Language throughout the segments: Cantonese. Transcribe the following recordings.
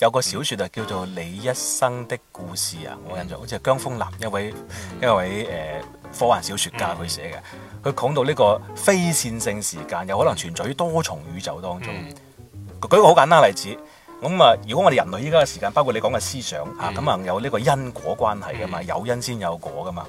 有個小説啊，叫做《你一生的故事》啊，我印象好似係姜峯楠一位、嗯、一位誒、呃、科幻小説家佢、嗯、寫嘅，佢講到呢個非線性時間有可能存在於多重宇宙當中。嗯、舉個好簡單例子，咁啊，如果我哋人類依家嘅時間，包括你講嘅思想、嗯、啊，咁啊有呢個因果關係㗎嘛，嗯、有因先有果㗎嘛。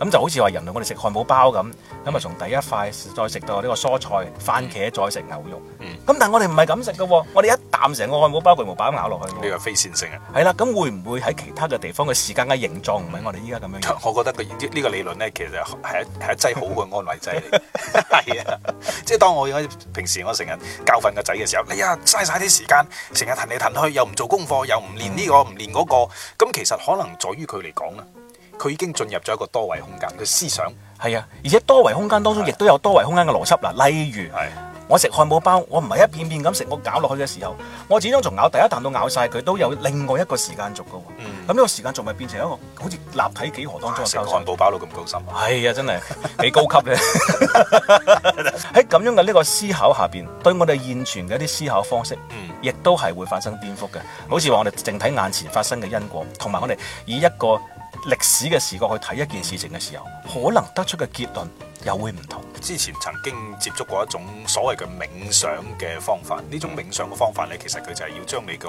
咁就好似話人類我，我哋食漢堡包咁，咁啊從第一塊再食到呢個蔬菜番茄，再食牛肉。嗯。咁但係我哋唔係咁食嘅喎，我哋一啖成個漢堡包佢全部咬落去。呢個非線性啊？係啦，咁會唔會喺其他嘅地方嘅時間嘅形狀唔係我哋依家咁樣、嗯？我覺得個呢個理論咧，其實係係一,一劑好嘅安慰劑嚟。係啊，即係當我平時我成日教訓個仔嘅時候，你、哎、呀嘥晒啲時間，成日騰嚟騰去，又唔做功課，又唔練呢個唔練嗰個，咁、嗯、其實可能在於佢嚟講啦。佢已經進入咗一個多維空間嘅思想，係啊。而且多維空間當中亦都有多維空間嘅邏輯嗱，例如是我食漢堡包，我唔係一片片咁食，我咬落去嘅時候，我始終從咬第一啖到咬晒，佢都有另外一個時間軸嘅喎。咁呢、嗯、個時間仲咪變成一個好似立體幾何當中嘅漢堡包都咁高深？係啊，真係幾高級咧。喺 咁 樣嘅呢個思考下邊，對我哋現存嘅一啲思考方式，嗯、亦都係會發生顛覆嘅。好似話我哋淨睇眼前發生嘅因果，同埋我哋以一個歷史嘅視角去睇一件事情嘅時候，可能得出嘅結論又會唔同。之前曾經接觸過一種所謂嘅冥想嘅方法，呢種冥想嘅方法呢，其實佢就係要將你個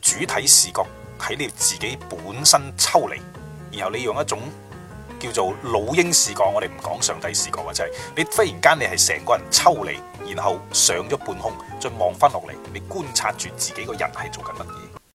主體視覺喺你自己本身抽離，然後你用一種叫做老鷹視覺，我哋唔講上帝視覺，就係你忽然間你係成個人抽離，然後上咗半空，再望翻落嚟，你觀察住自己個人係做緊乜嘢。